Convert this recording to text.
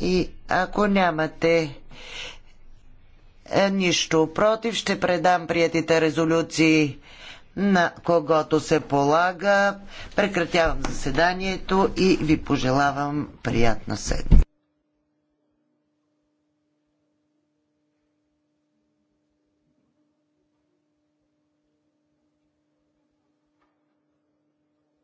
И ако нямате е, нищо против, ще предам приятите резолюции на когото се полага. Прекратявам заседанието и ви пожелавам приятна седмица.